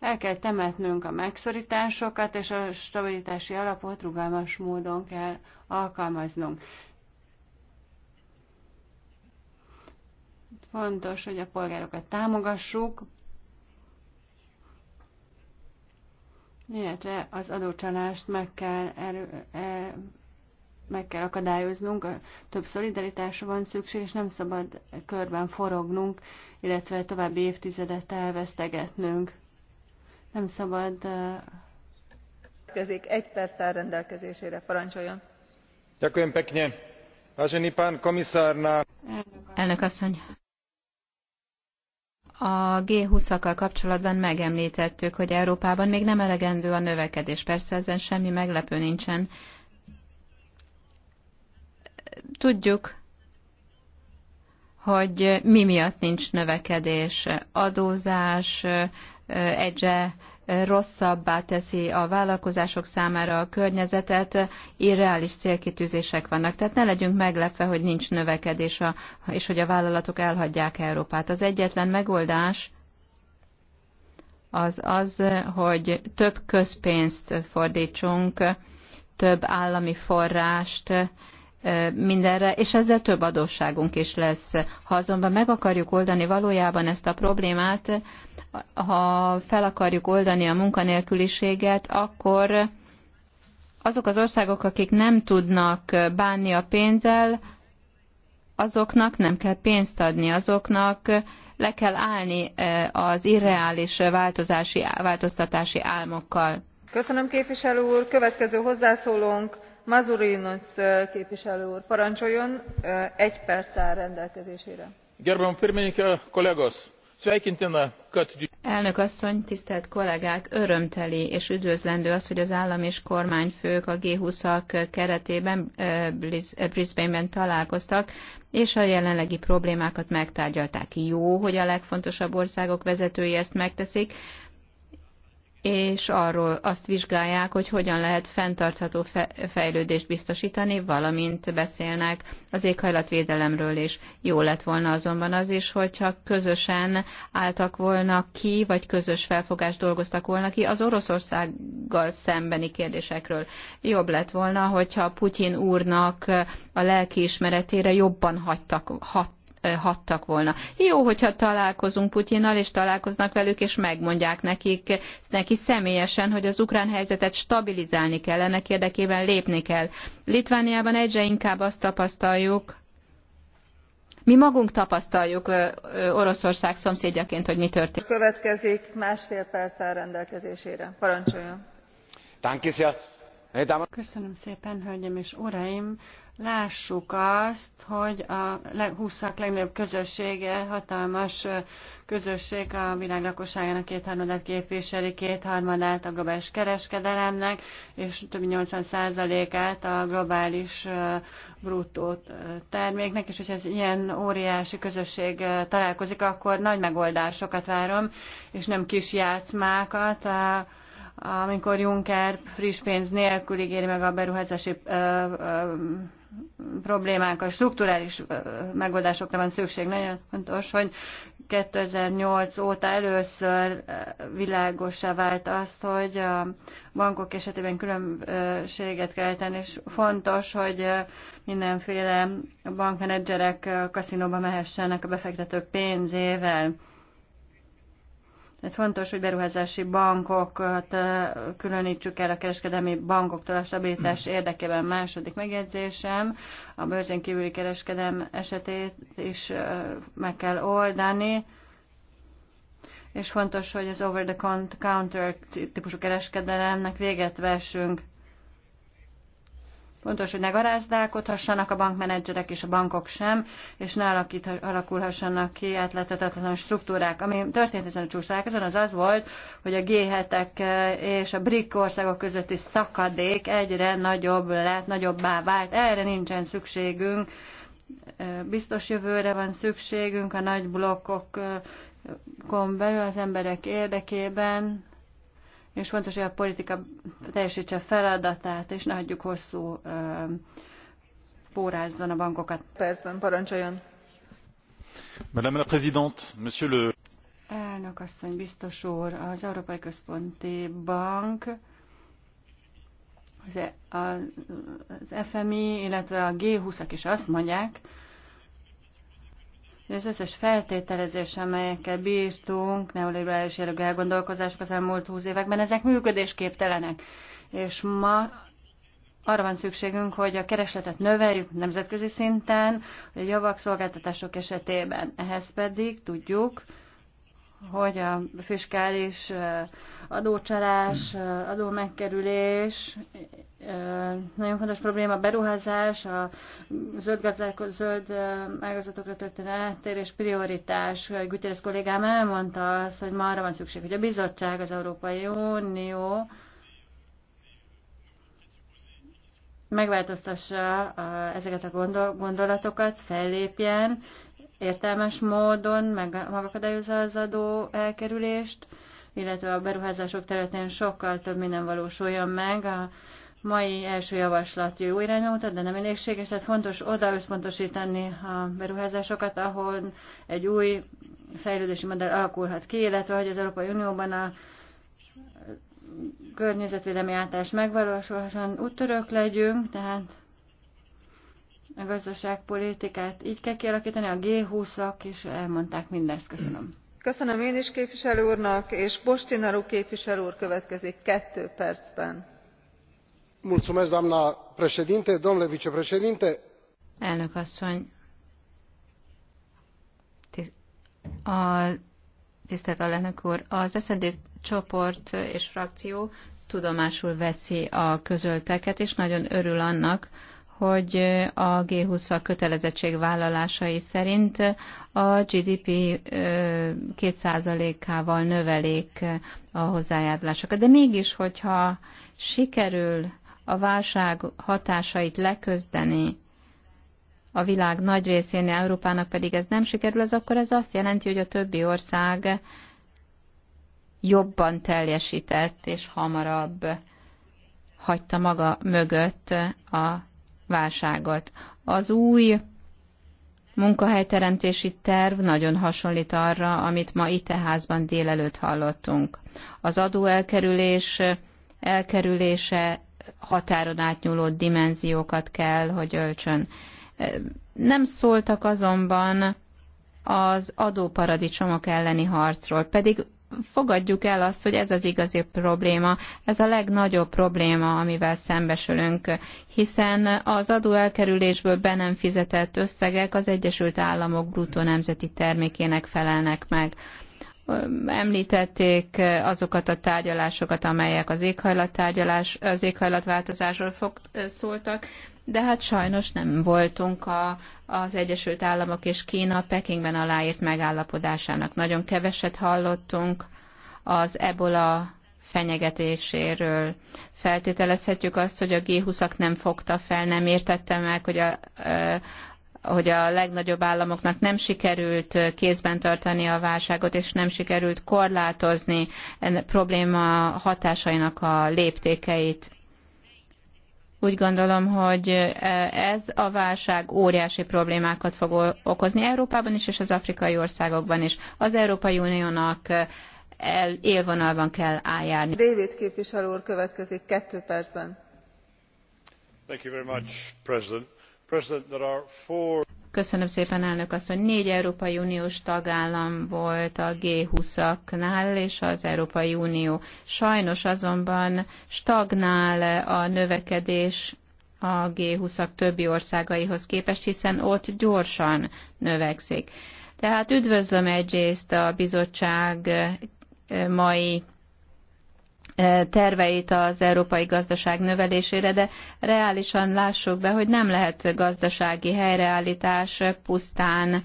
El kell temetnünk a megszorításokat, és a stabilitási alapot rugalmas módon kell alkalmaznunk. Fontos, hogy a polgárokat támogassuk, illetve az adócsalást meg kell, erő, e, meg kell akadályoznunk, több szolidaritásra van szükség, és nem szabad körben forognunk, illetve további évtizedet elvesztegetnünk. Nem szabad... E, Közik, egy perc áll rendelkezésére, parancsoljon. Köszönöm pekne. Vážený pán komisár, na... Elnök asszony, a G20-akkal kapcsolatban megemlítettük, hogy Európában még nem elegendő a növekedés. Persze ezen semmi meglepő nincsen. Tudjuk, hogy mi miatt nincs növekedés. Adózás, egyre rosszabbá teszi a vállalkozások számára a környezetet, irreális célkitűzések vannak. Tehát ne legyünk meglepve, hogy nincs növekedés, a, és hogy a vállalatok elhagyják Európát. Az egyetlen megoldás az az, hogy több közpénzt fordítsunk, több állami forrást, mindenre, és ezzel több adósságunk is lesz. Ha azonban meg akarjuk oldani valójában ezt a problémát, ha fel akarjuk oldani a munkanélküliséget, akkor azok az országok, akik nem tudnak bánni a pénzzel, azoknak nem kell pénzt adni, azoknak le kell állni az irreális változási, változtatási álmokkal. Köszönöm képviselő úr, következő hozzászólónk mazurinus képviselő úr parancsoljon egy elnök asszony tisztelt kollégák! örömteli és üdvözlendő az hogy az állam és kormányfők a g twenty ak keretében brisbaneben találkoztak és a jelenlegi problémákat megtárgyalták. jó hogy a legfontosabb országok vezetői ezt megteszik és arról azt vizsgálják, hogy hogyan lehet fenntartható fejlődést biztosítani, valamint beszélnek az éghajlatvédelemről is. Jó lett volna azonban az is, hogyha közösen álltak volna ki, vagy közös felfogást dolgoztak volna ki az Oroszországgal szembeni kérdésekről. Jobb lett volna, hogyha Putyin úrnak a lelkiismeretére jobban hagytak, hat, hattak volna. Jó, hogyha találkozunk Putyinnal, és találkoznak velük, és megmondják nekik, neki személyesen, hogy az ukrán helyzetet stabilizálni kell, ennek érdekében lépni kell. Litvániában egyre inkább azt tapasztaljuk, mi magunk tapasztaljuk Oroszország szomszédjaként, hogy mi történik. Következik másfél perc áll rendelkezésére. Parancsoljon! Köszönöm szépen, hölgyem és uraim! lássuk azt, hogy a 20 legnagyobb közössége, hatalmas közösség a világ lakosságának kétharmadát képviseli, kétharmadát a globális kereskedelemnek, és több mint 80%-át a globális bruttó terméknek, és hogyha ez ilyen óriási közösség találkozik, akkor nagy megoldásokat várom, és nem kis játszmákat amikor Juncker friss pénz nélkül ígéri meg a beruházási ö, ö, a strukturális megoldásokra van szükség. Nagyon fontos, hogy 2008 óta először világosá vált azt, hogy a bankok esetében különbséget kell tenni, és fontos, hogy mindenféle bankmenedzserek kaszinóba mehessenek a befektetők pénzével. Tehát fontos, hogy beruházási bankokat különítsük el a kereskedelmi bankoktól a stabilitás mm. érdekében. Második megjegyzésem, a bőrzén kívüli kereskedem esetét is meg kell oldani, és fontos, hogy az over-the-counter típusú kereskedelemnek véget vessünk. Fontos, hogy ne garázdálkodhassanak a bankmenedzserek és a bankok sem, és ne alakulhassanak ki átletetetlen struktúrák. Ami történt ezen a csúcsrálkozón, az az volt, hogy a G7-ek eh, és a BRIC országok közötti szakadék egyre nagyobb lett, nagyobbá vált. Erre nincsen szükségünk. Eh, biztos jövőre van szükségünk a nagy blokkokon belül az emberek érdekében, és fontos, hogy a politika teljesítse feladatát, és ne hagyjuk hosszú pórázzon a bankokat. Percben parancsoljon. Madame la Présidente, Monsieur le... Elnök asszony, biztos úr, az Európai Központi Bank az, e- FMI, illetve a G20-ak is azt mondják, és az összes feltételezés, amelyekkel bíztunk, neoliberális jellegű elgondolkozások az elmúlt húsz években, ezek működésképtelenek. És ma arra van szükségünk, hogy a keresletet növeljük nemzetközi szinten, a javak szolgáltatások esetében. Ehhez pedig tudjuk, hogy a fiskális adócsalás, adó megkerülés, nagyon fontos probléma a beruházás, a zöld, gazdálko, zöld ágazatokra történő áttérés prioritás. Gütéres kollégám elmondta azt, hogy ma arra van szükség, hogy a bizottság, az Európai Unió megváltoztassa ezeket a gondolatokat, fellépjen, értelmes módon megakadályozza az adó elkerülést, illetve a beruházások területén sokkal több minden valósuljon meg. A mai első javaslat jó irányba mutat, de nem elégséges, tehát fontos oda összpontosítani a beruházásokat, ahol egy új fejlődési modell alakulhat ki, illetve hogy az Európai Unióban a környezetvédelmi átás megvalósulhasson, úttörök legyünk, tehát a gazdaságpolitikát így kell kialakítani, a G20-ak és elmondták mindezt. Köszönöm. Köszönöm én is képviselő úrnak, és Bostinaru képviselő úr következik kettő percben. Mulțumesc, doamna președinte, domnule vicepreședinte. Elnök asszony, a, tisztelt alelnök úr, az SZND csoport és frakció tudomásul veszi a közölteket, és nagyon örül annak, hogy a G20-a kötelezettségvállalásai szerint a GDP 2%-ával növelik a hozzájárulásokat. De mégis, hogyha sikerül a válság hatásait leközdeni, a világ nagy részén, Európának pedig ez nem sikerül, ez akkor ez azt jelenti, hogy a többi ország jobban teljesített és hamarabb hagyta maga mögött a válságot. Az új munkahelyteremtési terv nagyon hasonlít arra, amit ma itt e házban délelőtt hallottunk. Az adóelkerülés elkerülése határon átnyúló dimenziókat kell, hogy öltsön. E, nem szóltak azonban az adóparadicsomok elleni harcról, pedig fogadjuk el azt, hogy ez az igazi probléma, ez a legnagyobb probléma, amivel szembesülünk, hiszen az adóelkerülésből be nem fizetett összegek az Egyesült Államok bruttó nemzeti termékének felelnek meg. Említették azokat a tárgyalásokat, amelyek az, éghajlattárgyalás, az éghajlatváltozásról fog, szóltak, de hát sajnos nem voltunk a, az Egyesült Államok és Kína Pekingben aláírt megállapodásának. Nagyon keveset hallottunk az ebola fenyegetéséről. Feltételezhetjük azt, hogy a G20-ak nem fogta fel, nem értette meg, hogy a, hogy a legnagyobb államoknak nem sikerült kézben tartani a válságot, és nem sikerült korlátozni a probléma hatásainak a léptékeit. Úgy gondolom, hogy e, ez a válság óriási problémákat fog okozni Európában is, és az afrikai országokban is. Az Európai Uniónak e, el, élvonalban kell álljárni. David képviselő úr következik kettő percben. Thank you very much, President Köszönöm szépen, elnök asszony. Négy Európai Uniós tagállam volt a G20-aknál és az Európai Unió. Sajnos azonban stagnál a növekedés a G20-ak többi országaihoz képest, hiszen ott gyorsan növekszik. Tehát üdvözlöm egyrészt a bizottság mai terveit az európai gazdaság növelésére, de reálisan lássuk be, hogy nem lehet gazdasági helyreállítás pusztán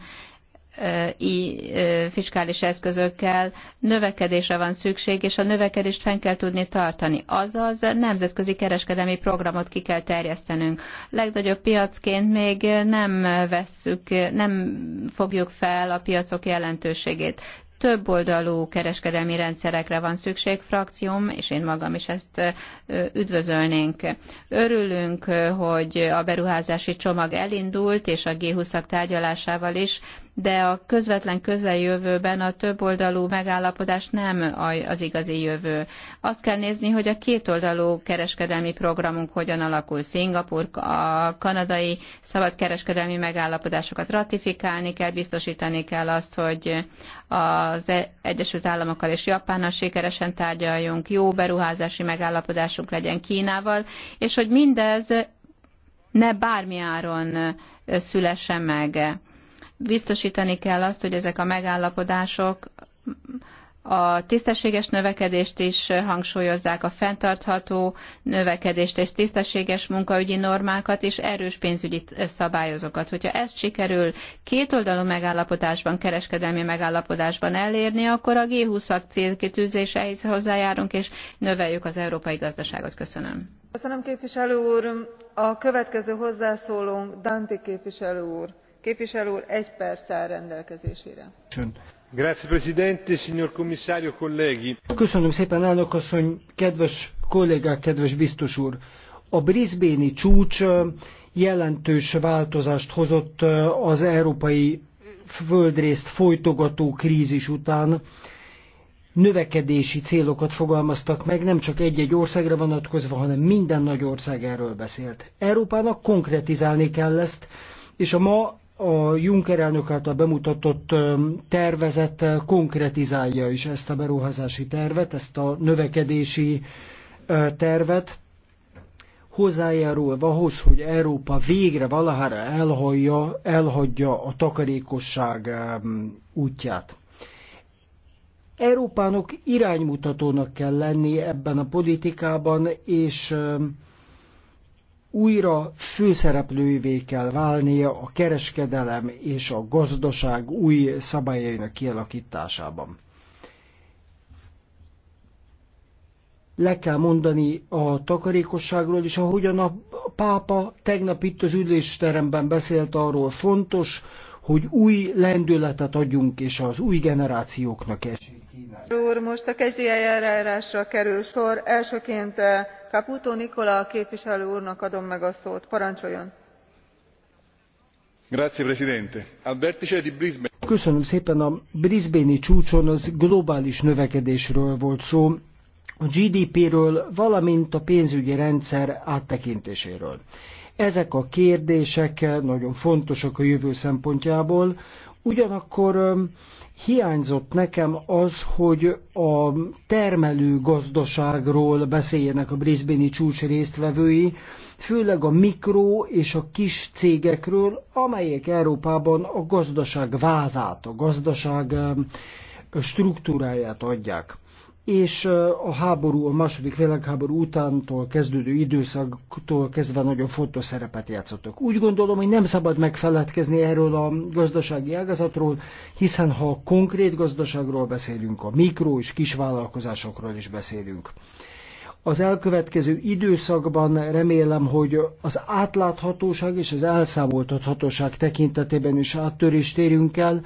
fiskális eszközökkel növekedésre van szükség, és a növekedést fenn kell tudni tartani. Azaz nemzetközi kereskedelmi programot ki kell terjesztenünk. Legnagyobb piacként még nem vesszük, nem fogjuk fel a piacok jelentőségét több oldalú kereskedelmi rendszerekre van szükség, frakcióm, és én magam is ezt üdvözölnénk. Örülünk, hogy a beruházási csomag elindult, és a G20-ak tárgyalásával is de a közvetlen közeljövőben a többoldalú megállapodás nem az igazi jövő. Azt kell nézni, hogy a kétoldalú kereskedelmi programunk hogyan alakul. Szingapur, a kanadai szabadkereskedelmi megállapodásokat ratifikálni kell, biztosítani kell azt, hogy az e- Egyesült Államokkal és Japánnal sikeresen tárgyaljunk, jó beruházási megállapodásunk legyen Kínával, és hogy mindez ne bármi áron szülesse meg biztosítani kell azt, hogy ezek a megállapodások a tisztességes növekedést is hangsúlyozzák, a fenntartható növekedést és tisztességes munkaügyi normákat és erős pénzügyi szabályozókat. Hogyha ezt sikerül kétoldalú megállapodásban, kereskedelmi megállapodásban elérni, akkor a G20-ak célkitűzéseihez hozzájárunk és növeljük az európai gazdaságot. Köszönöm. Köszönöm képviselő úr. A következő hozzászólónk Danti képviselő úr rendelkezésére. köszönöm szépen kedves kedves biztos úr! a brisbane-i csúcs jelentős változást hozott az európai földrészt folytogató krízis után növekedési célokat fogalmaztak meg, nem csak egy-egy országra vonatkozva, hanem minden nagy ország erről beszélt. Európának konkretizálni kell ezt, és a ma a Juncker elnök által bemutatott tervezet konkretizálja is ezt a beruházási tervet, ezt a növekedési tervet, hozzájárulva ahhoz, hogy Európa végre valahára elhagyja, elhagyja a takarékosság útját. Európának iránymutatónak kell lenni ebben a politikában, és újra főszereplővé kell válnia a kereskedelem és a gazdaság új szabályainak kialakításában. Le kell mondani a takarékosságról és ahogyan a pápa tegnap itt az ülésteremben beszélt arról fontos, hogy új lendületet adjunk, és az új generációknak esélyt kínáljunk. Úr, most a kezdi eljárásra kerül sor. Elsőként eh, Caputo Nikola képviselő úrnak adom meg a szót. Parancsoljon! Köszönöm szépen a Brisbane-i csúcson az globális növekedésről volt szó, a GDP-ről, valamint a pénzügyi rendszer áttekintéséről. Ezek a kérdések nagyon fontosak a jövő szempontjából, ugyanakkor hiányzott nekem az, hogy a termelő gazdaságról beszéljenek a Brisbane-i csúcs résztvevői, főleg a mikro és a kis cégekről, amelyek Európában a gazdaság vázát, a gazdaság struktúráját adják és a háború, a második világháború utántól kezdődő időszaktól kezdve nagyon fontos szerepet játszottak. Úgy gondolom, hogy nem szabad megfeledkezni erről a gazdasági ágazatról, hiszen ha konkrét gazdaságról beszélünk, a mikro és kisvállalkozásokról is beszélünk. Az elkövetkező időszakban remélem, hogy az átláthatóság és az elszámoltathatóság tekintetében is áttörést érünk el,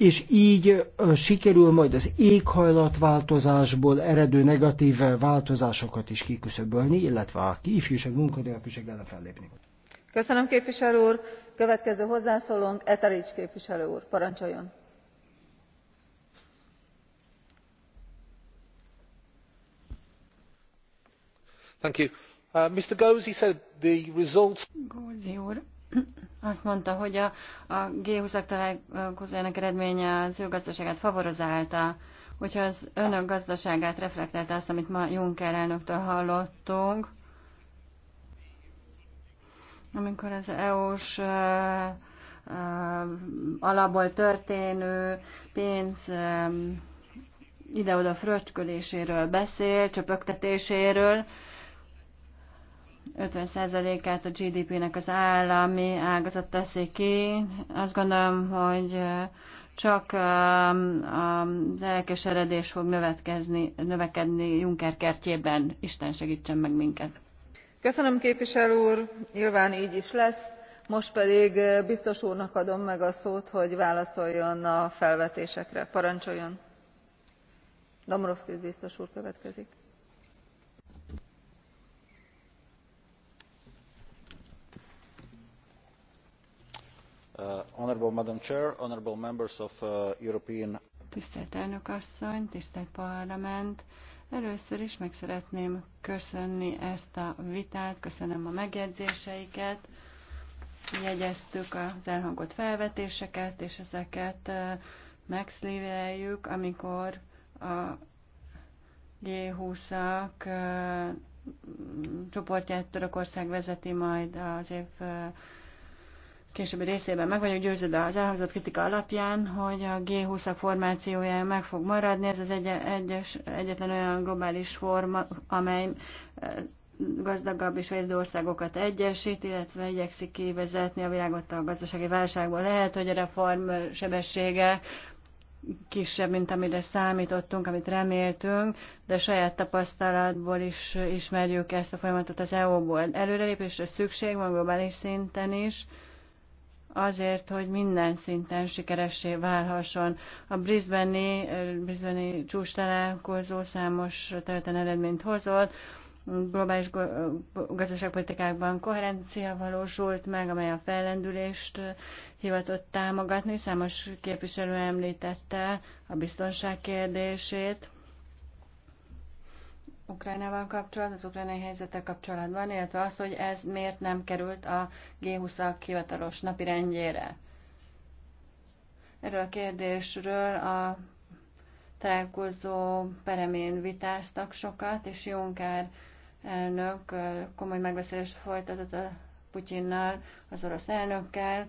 és így sikerül majd az éghajlatváltozásból eredő negatív változásokat is kiküszöbölni, illetve a ifjúság munkanélküliség ellen fellépni. Köszönöm képviselő úr. Következő hozzászólónk Eterics képviselő úr. Parancsoljon! Thank you. Uh, Mr. Gozi said the results... Gozi úr, azt mondta, hogy a, a G20-ak találkozójának eredménye az ő gazdaságát favorozálta, hogyha az önök gazdaságát reflektálta azt, amit ma Juncker elnöktől hallottunk, amikor az EU-s alapból történő pénz ide-oda fröcsköléséről beszél, csöpögtetéséről, 50%-át a GDP-nek az állami ágazat teszi ki. Azt gondolom, hogy csak az elkeseredés fog növekedni, növekedni Juncker kertjében. Isten segítsen meg minket. Köszönöm képviselő úr, nyilván így is lesz. Most pedig biztos úrnak adom meg a szót, hogy válaszoljon a felvetésekre. Parancsoljon! Dombrovskis biztos úr következik. Uh, uh, tisztelt elnök asszony, tisztelt parlament! Először is meg szeretném köszönni ezt a vitát, köszönöm a megjegyzéseiket, jegyeztük az elhangott felvetéseket, és ezeket uh, megszíveljük, amikor a G20-ak csoportját Törökország vezeti majd az év későbbi részében meg vagyok győződve az elhangzott kritika alapján, hogy a G20-ak formációja meg fog maradni. Ez az egy, egyes, egyetlen olyan globális forma, amely eh, gazdagabb és fejlődő országokat egyesít, illetve igyekszik kivezetni a világot a gazdasági válságból. Lehet, hogy a reform sebessége kisebb, mint amire számítottunk, amit reméltünk, de saját tapasztalatból is ismerjük ezt a folyamatot az EU-ból. Előrelépésre szükség van globális szinten is azért, hogy minden szinten sikeressé válhasson. A Brisbane-i, eh, brisbane csúcs találkozó számos területen eredményt hozott, globális gazdaságpolitikákban koherencia valósult meg, amely a fellendülést eh, hivatott támogatni. Számos képviselő említette a biztonság kérdését. Ukrajnával kapcsolatban, az ukrajnai helyzettel kapcsolatban, illetve az, hogy ez miért nem került a g 20 hivatalos napi rendjére. Erről a kérdésről a találkozó peremén vitáztak sokat, és Junker elnök komoly megbeszélést folytatott a Putyinnal, az orosz elnökkel,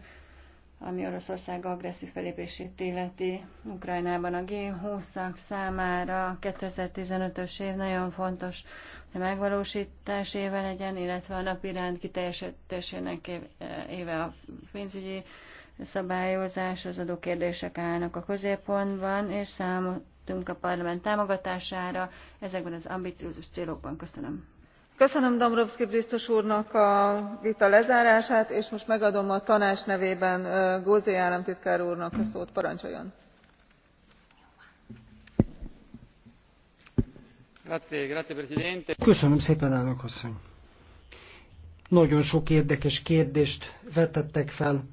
ami Oroszország agresszív felépését illeti Ukrajnában a g 20 számára 2015-ös év nagyon fontos, hogy megvalósítás éve legyen, illetve a napi rend kiteljesítésének eh, éve a pénzügyi szabályozás, az adókérdések állnak a középpontban, és számoltunk a parlament támogatására ezekben az ambiciózus célokban. Köszönöm köszönöm dombrovskis biztos úrnak a vita lezárását és most megadom a tanács nevében gauzs államtitkár úrnak a szót. parancsoljon! Köszönöm szépen, Nagyon sok érdekes kérdést vetettek fel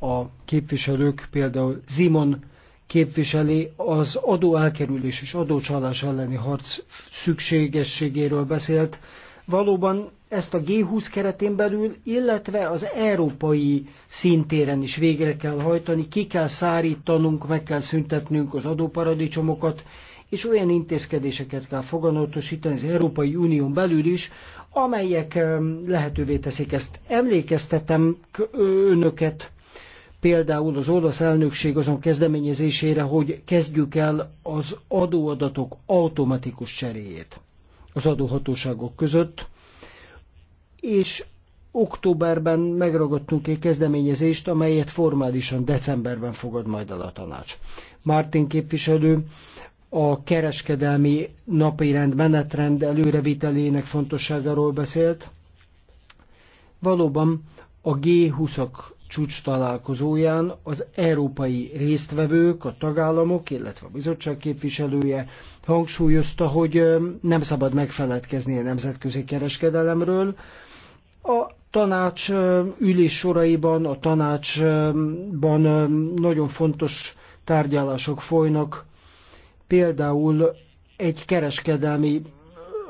a képviselők, például Zimon képviseli, az adóelkerülés és adócsalás elleni harc szükségességéről beszélt. Valóban ezt a G20 keretén belül, illetve az európai szintéren is végre kell hajtani, ki kell szárítanunk, meg kell szüntetnünk az adóparadicsomokat, és olyan intézkedéseket kell foganatosítani az Európai Unión belül is, amelyek lehetővé teszik ezt. Emlékeztetem önöket például az olasz elnökség azon kezdeményezésére, hogy kezdjük el az adóadatok automatikus cseréjét az adóhatóságok között, és októberben megragadtunk egy kezdeményezést, amelyet formálisan decemberben fogad majd el a tanács. Martin képviselő a kereskedelmi napi rend menetrend előrevitelének fontosságáról beszélt. Valóban a G20-ak csúcs találkozóján az európai résztvevők, a tagállamok, illetve a bizottság képviselője hangsúlyozta, hogy nem szabad megfeledkezni a nemzetközi kereskedelemről. A tanács ülés soraiban, a tanácsban nagyon fontos tárgyalások folynak, például egy kereskedelmi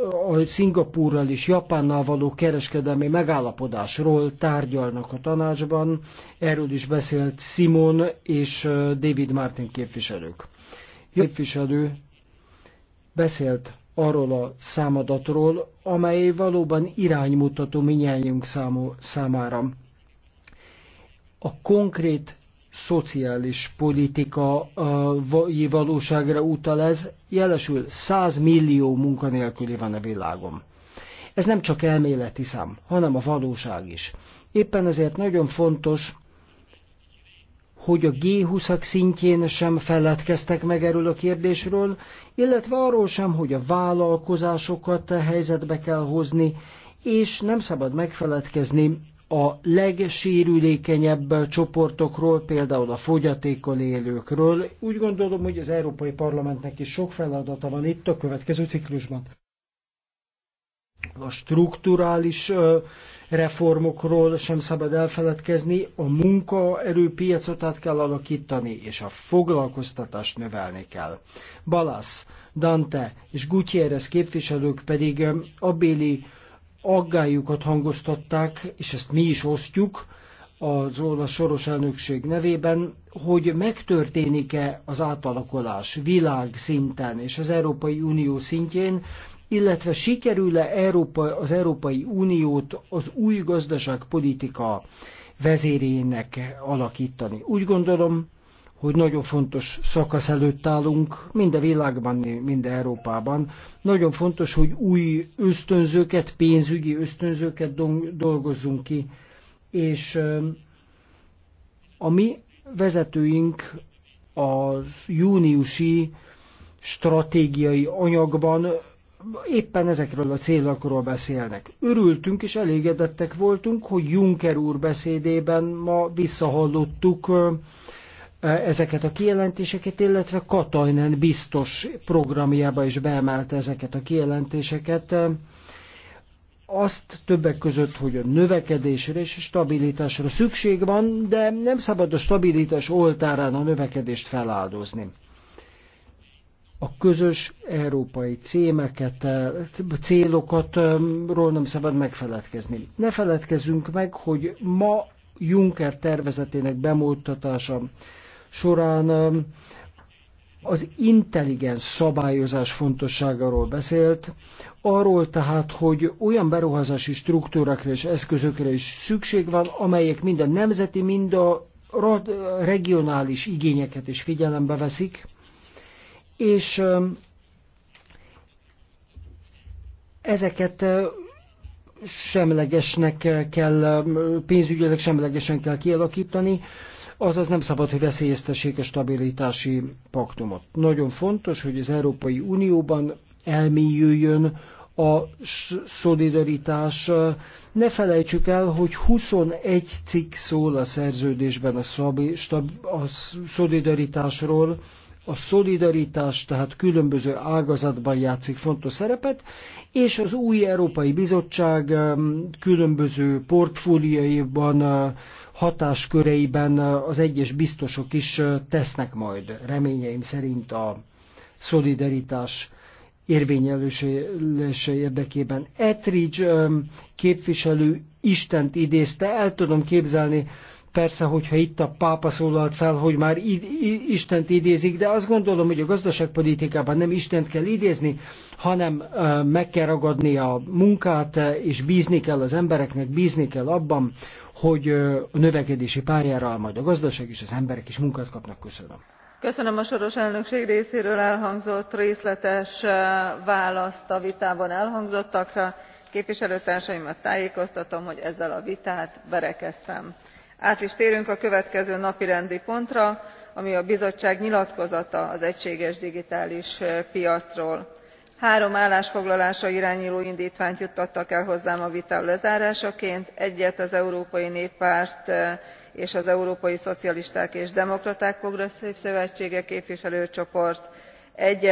a Szingapúrral és Japánnal való kereskedelmi megállapodásról tárgyalnak a tanácsban. Erről is beszélt Simon és David Martin képviselők. Képviselő beszélt arról a számadatról, amely valóban iránymutató minnyájunk számára. A konkrét szociális politikai valóságra utal ez, jelesül 100 millió munkanélküli van a világon. Ez nem csak elméleti szám, hanem a valóság is. Éppen ezért nagyon fontos, hogy a G20-ak szintjén sem feledkeztek meg erről a kérdésről, illetve arról sem, hogy a vállalkozásokat helyzetbe kell hozni, és nem szabad megfeledkezni a legsérülékenyebb csoportokról, például a fogyatékon élőkről. Úgy gondolom, hogy az Európai Parlamentnek is sok feladata van itt a következő ciklusban. A strukturális reformokról sem szabad elfeledkezni, a munkaerőpiacot át kell alakítani, és a foglalkoztatást növelni kell. Balasz, Dante és Gutierrez képviselők pedig abéli aggályukat hangoztatták, és ezt mi is osztjuk az olasz soros elnökség nevében, hogy megtörténik-e az átalakulás világszinten és az Európai Unió szintjén, illetve sikerül-e Európa, az Európai Uniót az új gazdaságpolitika vezérének alakítani. Úgy gondolom, hogy nagyon fontos szakasz előtt állunk, mind a világban, mind Európában. Nagyon fontos, hogy új ösztönzőket, pénzügyi ösztönzőket dolgozzunk ki, és a mi vezetőink az júniusi stratégiai anyagban éppen ezekről a célokról beszélnek. Örültünk és elégedettek voltunk, hogy Juncker úr beszédében ma visszahallottuk ezeket a kijelentéseket, illetve Katajnen biztos programjába is beemelte ezeket a kijelentéseket. Azt többek között, hogy a növekedésre és stabilitásra szükség van, de nem szabad a stabilitás oltárán a növekedést feláldozni a közös európai címeket, célokatról nem szabad megfeledkezni. Ne feledkezzünk meg, hogy ma Juncker tervezetének bemutatása során az intelligens szabályozás fontosságáról beszélt, arról tehát, hogy olyan beruházási struktúrakra és eszközökre is szükség van, amelyek mind a nemzeti, mind a regionális igényeket is figyelembe veszik, és ezeket semlegesnek kell, pénzügyileg semlegesen kell kialakítani, azaz nem szabad, hogy veszélyeztessék a stabilitási paktumot. Nagyon fontos, hogy az Európai Unióban elmélyüljön a szolidaritás. Ne felejtsük el, hogy 21 cikk szól a szerződésben a, szabi, stab, a szolidaritásról. A szolidaritás tehát különböző ágazatban játszik fontos szerepet, és az új Európai Bizottság különböző portfóliaiban hatásköreiben az egyes biztosok is tesznek majd, reményeim szerint a szolidaritás érvényelőse érdekében. Etridge képviselő Istent idézte, el tudom képzelni, persze, hogyha itt a pápa szólalt fel, hogy már Istent idézik, de azt gondolom, hogy a gazdaságpolitikában nem Istent kell idézni, hanem meg kell ragadni a munkát, és bízni kell az embereknek, bízni kell abban, hogy a növekedési pályára majd a gazdaság, és az emberek is munkát kapnak. Köszönöm. Köszönöm a soros elnökség részéről elhangzott részletes választ a vitában elhangzottakra. Képviselőtársaimat tájékoztatom, hogy ezzel a vitát berekeztem. Át is térünk a következő napirendi pontra, ami a bizottság nyilatkozata az egységes digitális piacról három állásfoglalásra irányuló indtványt juttattak el hozzám a vita lezárásaként egyet az európai néppárt eh, és az európai szocialisták és demokraták progresszv szövetsége képviselőcsoport egy